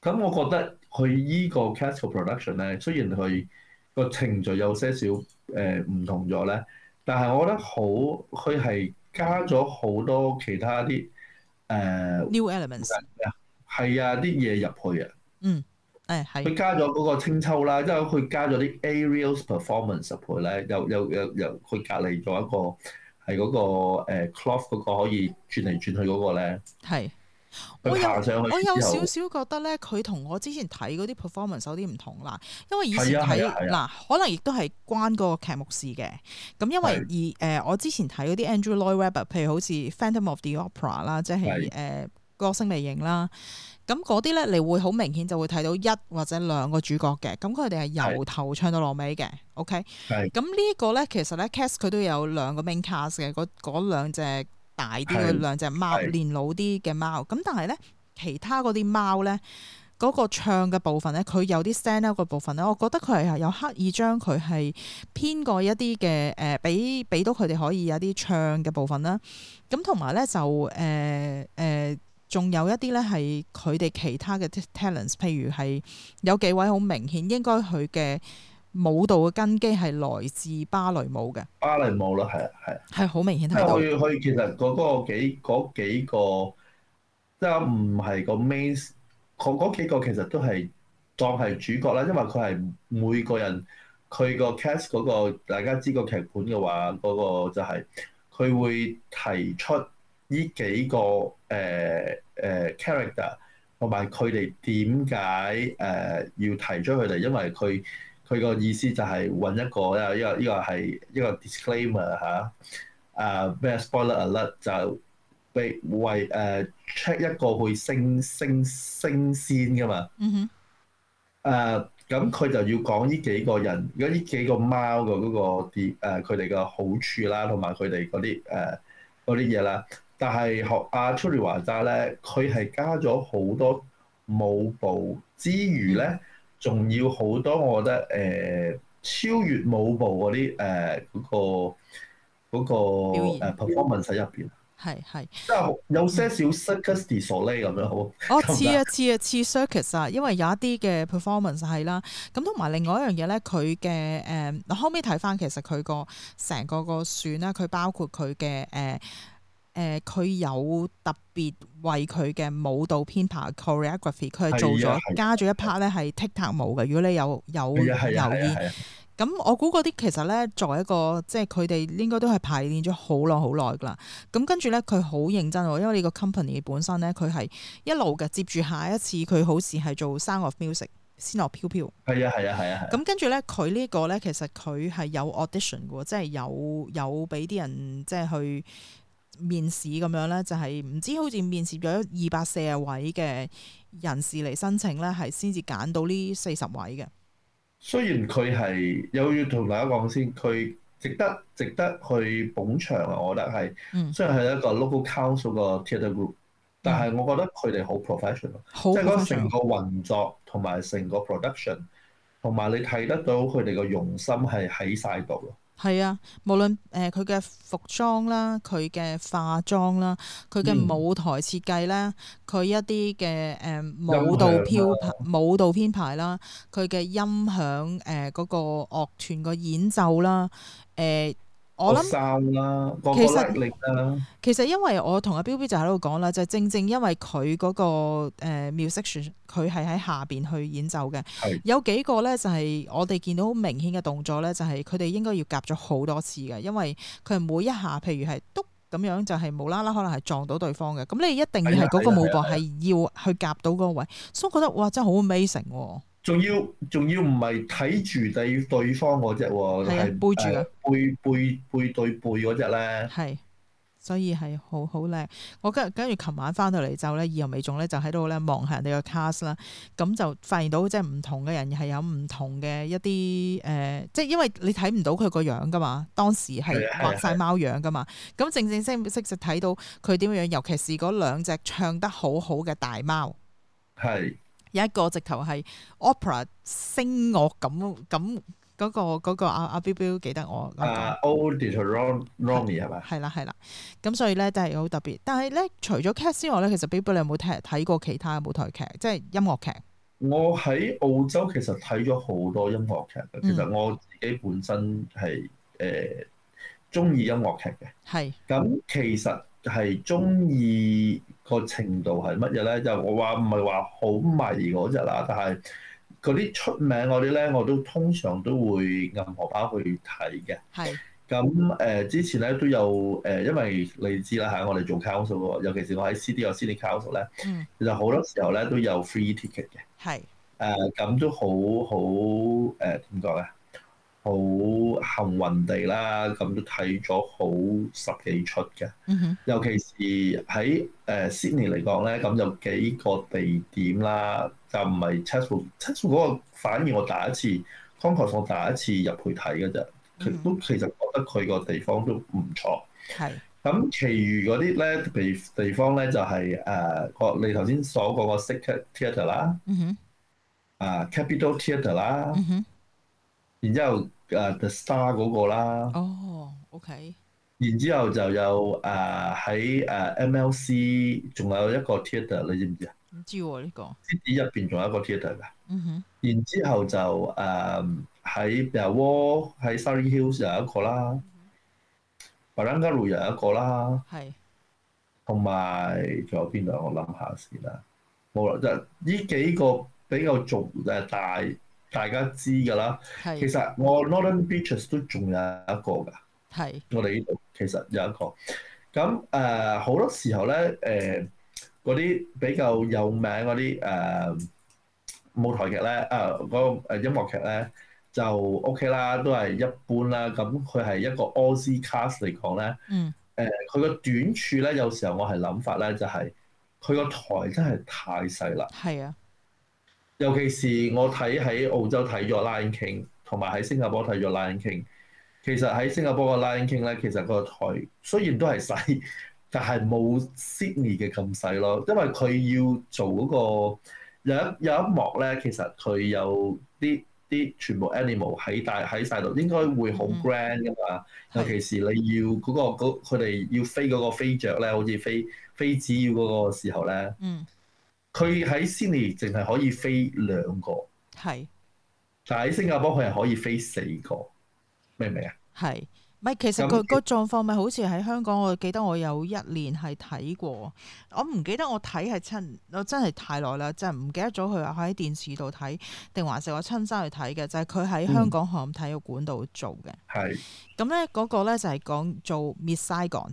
咁、嗯、我覺得佢依個 castle production 咧，雖然佢個程序有些少誒唔、呃、同咗咧，但係我覺得好，佢係加咗好多其他啲誒、呃、new elements。係啊，啲嘢入去啊。嗯，誒、哎、係。佢加咗嗰個清秋啦，因為佢加咗啲 Aerial Performance 入去咧，又又又又佢隔離咗一個係嗰、那個、呃、cloth 嗰、那個可以轉嚟轉去嗰、那個咧。係的。佢爬上去之後，我有，我有少少覺得咧，佢同我之前睇嗰啲 Performance 有啲唔同啦。因為以前睇嗱，可能亦都係關個劇目的事嘅。咁因為而誒的、呃，我之前睇嗰啲 Andrew Lloyd Webber，譬如好似《Phantom of the Opera》啦的，即係誒。角色微影啦，咁嗰啲咧，你會好明顯就會睇到一或者兩個主角嘅，咁佢哋係由頭唱到落尾嘅，OK，係，咁呢個咧，其實咧 cast 佢都有兩個 main cast 嘅，嗰嗰兩隻大啲嘅兩隻貓，年是老啲嘅貓，咁但係咧，其他嗰啲貓咧，嗰、那個唱嘅部分咧，佢有啲 stand out 嘅部分咧，我覺得佢係有刻意將佢係編過一啲嘅，誒、呃，俾俾到佢哋可以有啲唱嘅部分啦，咁同埋咧就誒誒。呃呃呃呃呃仲有一啲咧，係佢哋其他嘅 talents，譬如係有幾位好明顯，應該佢嘅舞蹈嘅根基係來自芭蕾舞嘅芭蕾舞咯，係啊，係啊，係好明顯睇到佢佢其實嗰嗰幾嗰幾個即係唔係個 main，佢嗰幾個其實都係當係主角啦，因為佢係每個人佢個 cast 嗰個大家知個劇本嘅話，嗰個就係，佢會提出呢幾個。誒誒、呃呃、character 同埋佢哋點解誒、呃、要提出佢哋？因為佢佢個意思就係揾一個，因為依個係一個 disclaimer 嚇、啊。b、呃、est spoiler alert 就俾為誒 check 一個去升升升仙噶嘛。嗯，咁佢就要講呢幾個人，如果呢幾個貓嘅嗰、那個啲誒佢哋嘅好處啦，同埋佢哋嗰啲誒嗰啲嘢啦。但係學阿出嚟話齋咧，佢係加咗好多舞步之餘咧，仲要好多，我覺得誒、呃、超越舞步嗰啲誒嗰個 performance 喺、嗰個、入邊係係即係有些少 circus 元素咧咁樣好哦，似啊似啊似 circus 啊，啊啊 Sir, 其實因為有一啲嘅 performance 係啦，咁同埋另外一樣嘢咧，佢嘅誒後尾睇返其實佢個成個個選啦，佢包括佢嘅誒。嗯誒佢、呃、有特別為佢嘅舞蹈編排 （choreography），佢係做咗係加咗一 part 咧，係 TikTok 舞嘅。如果你有有留係意，咁我估嗰啲其實咧，作為一個即係佢哋應該都係排練咗好耐好耐啦。咁跟住咧，佢好認真喎，因為呢個 company 本身咧，佢係一路嘅接住下一次，佢好似係做《Sound of Music》仙樂飄飄。係啊係啊係啊！咁、嗯、跟住咧，佢呢一個咧，其實佢係有 audition 嘅，即係有有俾啲人即係去。面試咁樣咧，就係、是、唔知好似面試咗二百四十位嘅人士嚟申請咧，係先至揀到呢四十位嘅。雖然佢係又要同大家講先，佢值得值得去捧場啊！我覺得係，嗯、雖然係一個 local council 嘅 theatre group，但係我覺得佢哋好 professional，、嗯、即係嗰成個運作同埋成個 production，同埋你睇得到佢哋個用心係喺晒度咯。係啊，無論誒佢嘅服裝啦，佢嘅化妝啦，佢嘅舞台設計啦，佢、嗯、一啲嘅誒舞蹈編舞蹈編排啦，佢嘅音響誒嗰、呃那個樂團嘅演奏啦，誒、呃。我諗，其實其實因為我同阿 Bill B 就喺度講啦，就係、正正因為佢嗰個誒，Music 佢係喺下邊去演奏嘅。的有幾個咧，就係我哋見到好明顯嘅動作咧，就係佢哋應該要夾咗好多次嘅，因為佢係每一下，譬如係篤咁樣，就係、係、無啦啦可能係撞到對方嘅。咁你一定要係嗰個舞步係要去夾到嗰個位，的所以我覺得哇，真係好 amazing 喎！仲要仲要唔係睇住就要對方嗰隻喎，背住嘅，背背背對背嗰隻咧。係，所以係好好靚。我跟跟住琴晚翻到嚟就咧，意猶未盡咧，就喺度咧望下人哋嘅 cast 啦。咁就發現到即係唔同嘅人係有唔同嘅一啲誒，即係因為你睇唔到佢個樣噶嘛，當時係白曬貓樣噶嘛。咁正正式式就睇到佢點樣，尤其是嗰兩隻唱得好好嘅大貓。係。有一個直頭係 Opera 聲樂，咁咁嗰個阿阿 Bill Bill 記得我。誒 Old i t i e o 係咪啊？係啦係啦，咁 所以咧都係好特別。但係咧除咗 Cats 劇之外咧，其實 Bill Bill 你有冇睇睇過其他嘅舞台劇，即係音樂劇？我喺澳洲其實睇咗好多音樂劇。其實我自己本身係誒中意音樂劇嘅。係咁、嗯，其實。係中意個程度係乜嘢咧？就我話唔係話好迷嗰隻啦，但係嗰啲出名嗰啲咧，我都通常都會銀荷包去睇嘅。係是。咁誒、呃、之前咧都有誒、呃，因為你知啦，係我哋做 council 喎，尤其是我喺 C D 有 C D council 咧，是其實好多時候咧都有 free ticket 嘅。係是。誒咁、呃、都好好誒點講咧？好幸運地啦，咁都睇咗好十幾出嘅。Mm hmm. 尤其是喺誒 Sydney 嚟講咧，咁、呃、就有幾個地點啦，就唔係 Castle。Castle、hmm. 嗰個反而我第一次 Concourse 我第一次入去睇嘅啫。都其實覺得佢個地方都唔錯。係、mm。咁、hmm.，其餘嗰啲咧地地方咧就係、是、誒、呃、個你頭先所講個 State Theatre 啦，mm hmm. 啊 Capital Theatre 啦，mm hmm. 然之後。誒、uh, The Star 嗰個啦，哦、oh，OK。然之後就有誒喺誒 MLC，仲有一個 Theater，你知唔知，知啊？唔知喎呢個。呢入邊仲有一個 Theater 㗎。Mm hmm. 然之後就誒喺 The Wall 喺 Sunny Hills 又一個啦，白蘭加路又一個啦，係、mm。同埋仲有邊度？我諗下先啦。冇啦，即係呢幾個比較重誒大。大家知㗎啦，是其實我 Northern Beaches 都仲有一個㗎，是我哋呢度其實有一個。咁誒好多時候咧，誒嗰啲比較有名嗰啲誒舞台劇咧，誒、呃、嗰、嗰個音樂劇咧就 OK 啦，都係一般啦。咁佢係一個 All Star 嚟講咧，誒佢個短處咧有時候我係諗法咧就係佢個台真係太細啦。係啊。尤其是我睇喺澳洲睇咗 Lion King，同埋喺新加坡睇咗 Lion King，其實喺新加坡個 Lion King 咧，其實個台雖然都係細，但係冇 Sydney 嘅咁細咯。因為佢要做嗰、嗰個有一有一幕咧，其實佢有啲啲全部 animal 喺大喺曬度，應該會好 grand 噶嘛。嗯、尤其是你要嗰、嗰個佢哋要飛嗰個飛雀咧，好似飛飛紙鷺嗰個時候咧。嗯佢喺悉尼淨係可以飛兩個，係，但喺新加坡佢係可以飛四個，明唔明啊？係，唔係其實佢個狀況咪好似喺香港？我記得我有一年係睇過，我唔記得我睇係親，我真係太耐啦，真係唔記得咗。佢話喺電視度睇定還是我親身去睇嘅？就係佢喺香港航體育館度做嘅。係、嗯，咁咧嗰個咧就係講做 Miss Saigon。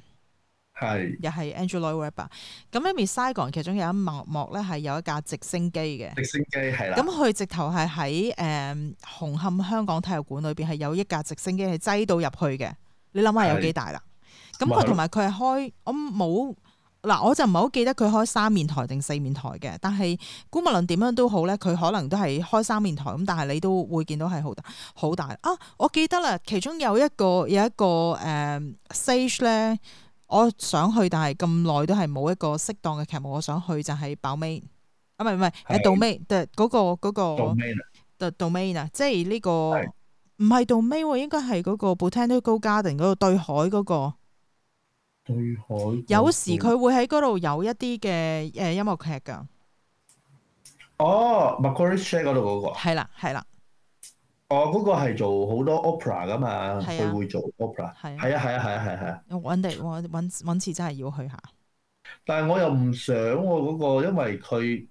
又係 Andrew Lloyd Webber。咁咧 Miss Saigon 其中有一幕幕咧，係有一架直升機嘅直升機係啦。咁佢直頭係喺誒紅磡香港體育館裏邊係有一架直升機係擠到入去嘅。你諗下有幾大啦？咁佢同埋佢係開我冇嗱、呃，我就唔係好記得佢開三面台定四面台嘅。但係估唔論點樣都好咧，佢可能都係開三面台咁。但係你都會見到係好大好大啊！我記得啦，其中有一個有一個誒 stage 咧。呃我想去，但係咁耐都係冇一個適當嘅劇目。我想去就係飽尾，啊唔係唔係喺到尾，即係嗰個嗰個到尾啦，即係呢個唔係到尾喎，ain, 應該係嗰個 Botanical Garden 嗰個對海嗰個對海，嗰個。有時佢會喺嗰度有一啲嘅誒音樂劇㗎。哦，Macquarie Street 嗰度嗰個係啦，係啦。哦，嗰、嗰個係做好多 opera 噶嘛，佢、啊、會做 opera，係啊，係啊，係啊，係啊，係啊，我揾地，揾次真係要去下，但係我又唔想我、啊、嗰、嗰個，因為佢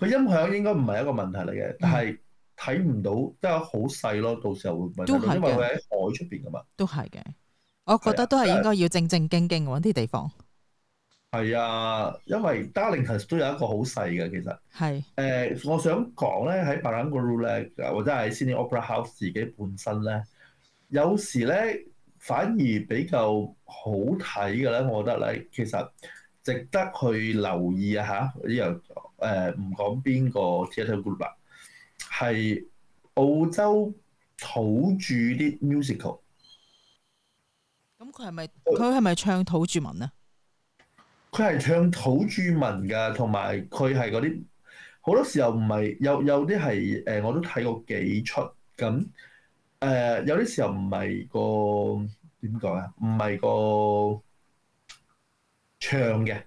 佢音響應該唔係一個問題嚟嘅，嗯、但係睇唔到即係好細咯，到時候會問都係嘅，因為佢喺海出邊噶嘛，都係嘅，我覺得都係應該要正正經經揾啲地方。係啊，因為 Darlington 都有一個好細嘅其實，係誒是、呃、我想講咧喺 Barangaroo 或者係 Sydney Opera House 自己本身咧，有時咧反而比較好睇嘅咧，我覺得咧其實值得去留意啊嚇！呢樣誒唔講邊個 theater group 係澳洲土著啲 musical。咁佢係咪佢係咪唱土著文啊？佢係唱土著文噶，同埋佢係嗰啲好多時候唔係有有啲係誒，我都睇過幾出咁誒、呃。有啲時候唔係個點講啊，唔係個唱嘅。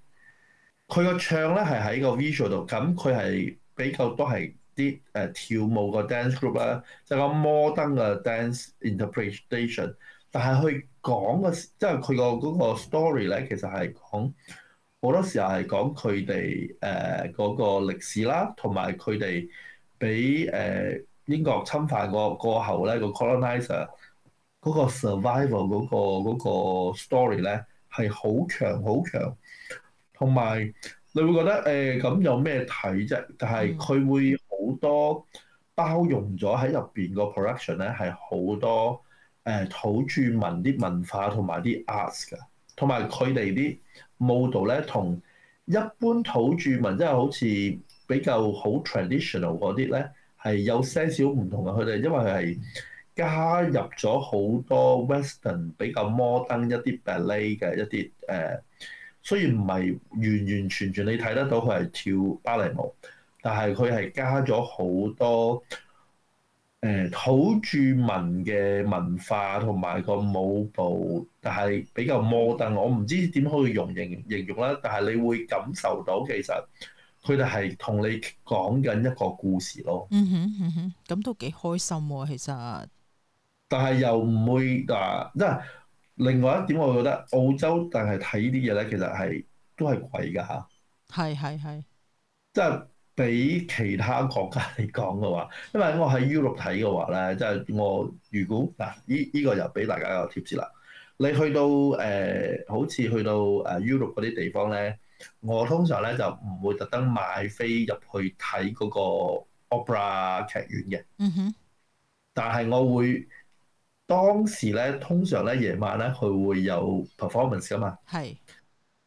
佢個唱咧係喺個 visual 度，咁佢係比較多係啲誒跳舞 group, 個 dance group 啦，就個 modern 嘅 dance interpretation。但係佢講個即係佢個嗰個 story 咧，其實係講。好多時候係講佢哋誒嗰個歷史啦，同埋佢哋俾誒英國侵犯過過後咧 col 個 colonizer 嗰、嗰個 survival 嗰、嗰個 story 咧係好強好強，同埋你會覺得誒咁、呃、有咩睇啫？但係佢會好多包容咗喺入邊個 production 咧係好多誒土著民啲文化同埋啲 arts 㗎，同埋佢哋啲。m o d 舞蹈咧同一般土著民即係、就是、好似比較好 traditional 嗰啲咧係有些少唔同嘅，佢哋因為佢係加入咗好多 Western 比較 modern 一啲 ballet 嘅一啲誒，雖然唔係完完全全你睇得到佢係跳芭蕾舞，但係佢係加咗好多。誒、嗯、土著民嘅文化同埋個舞步，但係比較 modern。我唔知點可以用形容形容啦。但係你會感受到其實佢哋係同你講緊一個故事咯。嗯哼嗯哼，咁、嗯、都幾開心喎、啊，其實。但係又唔會嗱，即係另外一點，我覺得澳洲，但係睇啲嘢咧，其實係都係貴㗎吓，係係係，即係。俾其他國家嚟講嘅話，因為我喺 Europe 睇嘅話咧，即、就、係、是、我如果嗱呢呢個又俾大家一個貼士啦。你去到誒、呃、好似去到誒 Europe 嗰啲地方咧，我通常咧就唔會特登買飛入去睇嗰個 opera 劇院嘅。嗯哼、mm。Hmm. 但係我會當時咧，通常咧夜晚咧佢會有 performance 㗎嘛。係、mm。Hmm.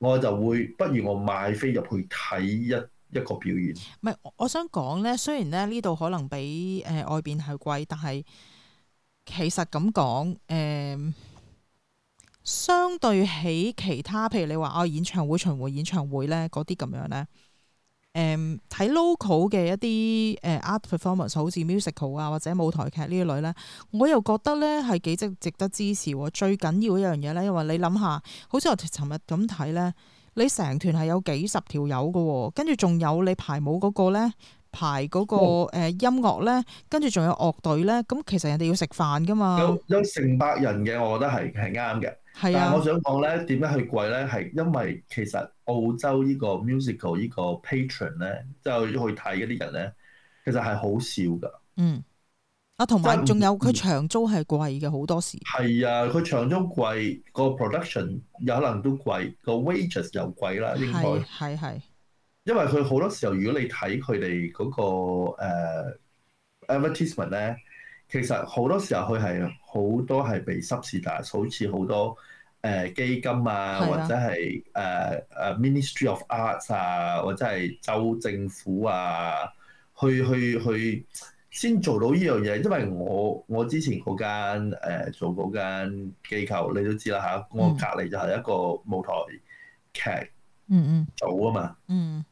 我就會不如我買飛入去睇一。一個表演，唔係我想講呢，雖然咧呢度可能比誒外邊係貴，但係其實咁講誒，相對起其他，譬如你話哦、啊、演唱會巡迴演唱會呢嗰啲咁樣呢，睇、嗯、local 嘅一啲誒 art performance，好似 musical 啊或者舞台劇呢類呢，我又覺得呢係幾值值得支持。最緊要一樣嘢呢，因為你諗下，好似我尋日咁睇呢。你成團係有幾十條友嘅喎，跟住仲有你排舞嗰個咧，排嗰個音樂咧，跟住仲有樂隊咧，咁其實人哋要食飯噶嘛。有有成百人嘅，我覺得係係啱嘅。係啊，但我想講咧，點樣去貴咧？係因為其實澳洲呢個 musical 呢個 patron 咧，就去睇嗰啲人咧，其實係好少噶。嗯。啊，同埋仲有佢長租係貴嘅，好、嗯、多時。係啊，佢長租貴，個 production 有可能都貴，個 wages 又貴啦，應該。係係。因為佢好多時候，如果你睇佢哋嗰個、uh, advertisement 咧，其實好多時候佢係好多係被濕是，但好似好多誒基金啊，啊或者係誒誒 Ministry of Arts 啊，或者係州政府啊，去去去。先做到呢樣嘢，因為我我之前嗰間、呃、做嗰間機構，你都知啦嚇、啊。我隔離就係一個舞台劇組、mm hmm. specific，啊嘛。嗯，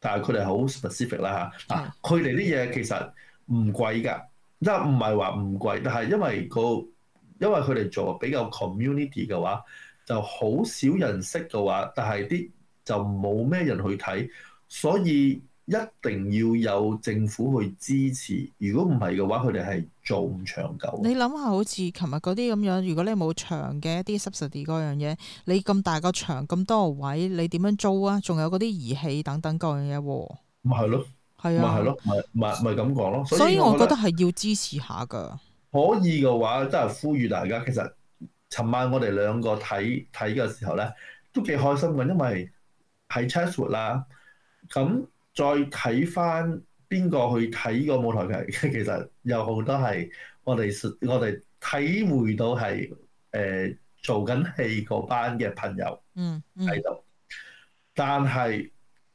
但係佢哋好 specific 啦嚇。啊，佢哋啲嘢其實唔貴㗎，一唔係話唔貴，但係因為個因為佢哋做比較 community 嘅話，就好少人識嘅話，但係啲就冇咩人去睇，所以。一定要有政府去支持，如果唔係嘅話，佢哋係做唔長久。你諗下，好似琴日嗰啲咁樣，如果你冇場嘅一啲 subsidy 嗰樣嘢，你咁大個場咁多位，你點樣租啊？仲有嗰啲儀器等等各樣嘢喎。咁係咯，係啊，係咯，咪咪咪咁講咯。所以我覺得係要支持下㗎。可以嘅話，真係呼籲大家。其實尋晚我哋兩個睇睇嘅時候咧，都幾開心嘅，因為喺 Chatswood 啦，咁。再睇翻邊個去睇個舞台劇，其實有好多係我哋我哋體會到係誒、呃、做緊戲嗰班嘅朋友嗯喺度、嗯，但係誒、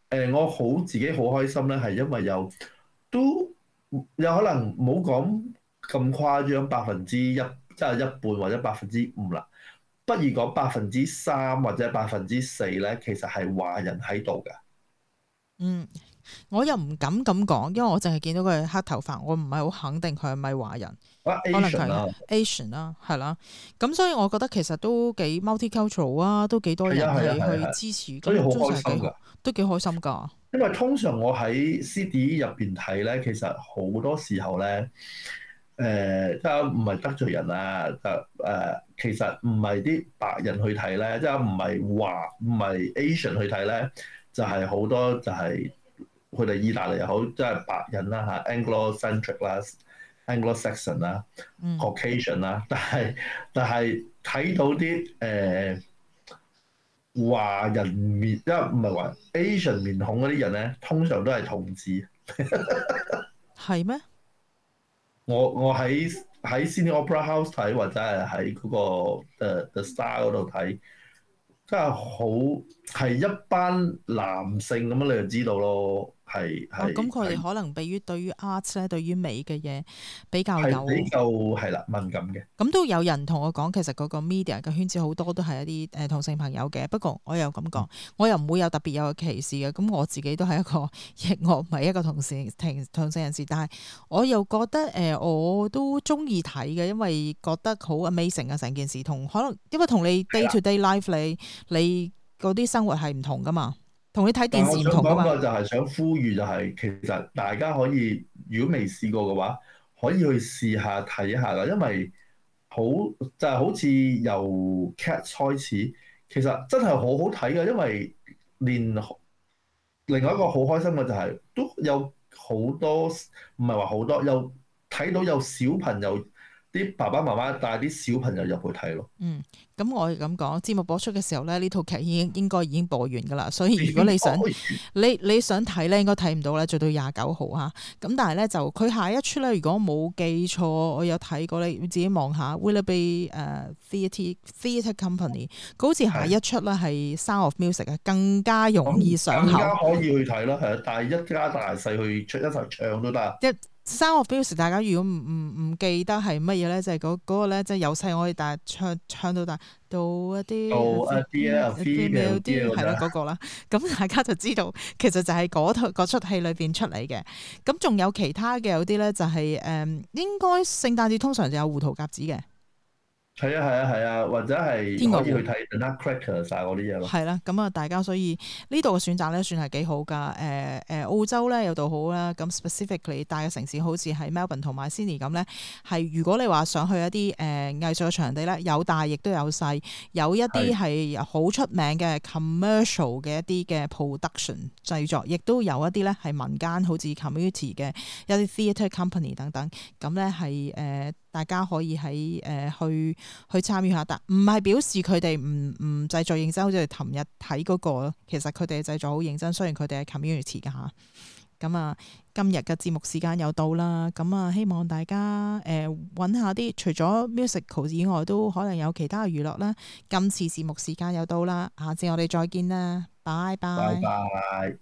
呃、我好自己好開心咧，係因為有都有可能冇講咁誇張百分之一即係一半或者百分之五啦，不如講百分之三或者百分之四咧，其實係華人喺度嘅，嗯。我又唔敢咁講，因為我淨係見到佢黑頭髮，我唔係好肯定佢係咪華人，啊啊、可能佢 Asian、啊、啦，係啦。咁所以我覺得其實都幾 multicultural 啊，都幾多人去支持，所以好開心都幾開心噶。因為通常我喺 c d 入邊睇咧，其實好多時候咧，誒、呃，即係唔係得罪人啊，就誒，其實唔係啲白人去睇咧，即係唔係華唔係 Asian 去睇咧，就係、是、好多就係、是。佢哋意大利又好，即係白人啦嚇，Anglo-centric 啦，Anglo-Saxon 啦，Caucasian 啦，但係但係睇到啲誒、呃、華人面，即係唔係話 Asian 面孔嗰啲人咧，通常都係同志，係 咩嗎？我我喺喺 City Opera House 睇，或者係喺嗰個 The, The Star 嗰度睇，真係好係一班男性咁樣，你就知道咯。係咁佢哋可能，比如對於 art 咧，是對於美嘅嘢比較有，係比啦敏感嘅。咁都有人同我講，其實嗰個 media 嘅圈子好多都係一啲誒同性朋友嘅。不過我又咁講，嗯、我又唔會有特別有個歧視嘅。咁我自己都係一個亦我唔係一個同性同性人士，但係我又覺得誒、呃，我都中意睇嘅，因為覺得好 amazing 啊！成件事同可能因為同你 day to day life 你的你嗰啲生活係唔同噶嘛。同你睇電視唔同啊嘛！就係想呼籲就係、是，其實大家可以如果未試過嘅話，可以去試下睇一下啦，因為、就是、好就係好似由 Cats 開始，其實真係好好睇㗎，因為連另外一個好開心嘅就係、是、都有好多唔係話好多，有睇到有小朋友。啲爸爸媽媽帶啲小朋友入去睇咯。嗯，咁我係咁講，節目播出嘅時候咧，呢套劇已經應該已經播完噶啦，所以如果你想 你你想睇咧，應該睇唔到咧，做到廿九號哈。咁、啊、但係咧就佢下一出咧，如果冇記錯，我有睇過你自己望下。 Willoughby 誒、uh, Theatre Theatre Company，佢好似下一出咧係《Sound of Music》啊，更加容易上口，更加可以去睇啦。係，但係一家大細去出一齊唱都得。一 三個標時，大家如果唔唔唔記得係乜嘢咧，就係嗰嗰個咧、那個，即係由細我哋可以唱唱到大到一啲，一啲一啲嘅啲，係咯嗰個啦。咁、啊、 大家就知道，其實就係嗰套嗰出戲裏邊出嚟嘅。咁仲有其他嘅有啲咧、就是，就係誒，應該聖誕節通常就有胡桃夾子嘅。係啊係啊係啊，啊，或者係可以去睇 n a r k r e 啲嘢咯。係啦氣，咁啊，大家所以呢度嘅選擇咧，算係幾好㗎。誒誒，澳洲咧有度好啦。咁 specifically 大嘅城市好似喺 Melbourne 同埋 Sydney 咁咧，係如果你話想去一啲誒、呃、藝術嘅場地咧，有大亦都有細，有一啲係好出名嘅是 commercial 嘅一啲嘅 production 製作，亦都有一啲咧係民間好似 community 嘅一啲 theatre company 等等。咁咧係誒大家可以喺誒、呃、去。去參與下，但唔係表示佢哋唔唔製作認真，好似我琴日睇嗰個咯。其實佢哋製作好認真，雖然佢哋係 community 嘅嚇。咁啊，今日嘅節目時間又到啦。咁啊，希望大家誒揾、呃、下啲除咗 musical 以外，都可能有其他嘅娛樂啦。今次節目時間又到啦，下次我哋再見啦，拜拜。拜拜。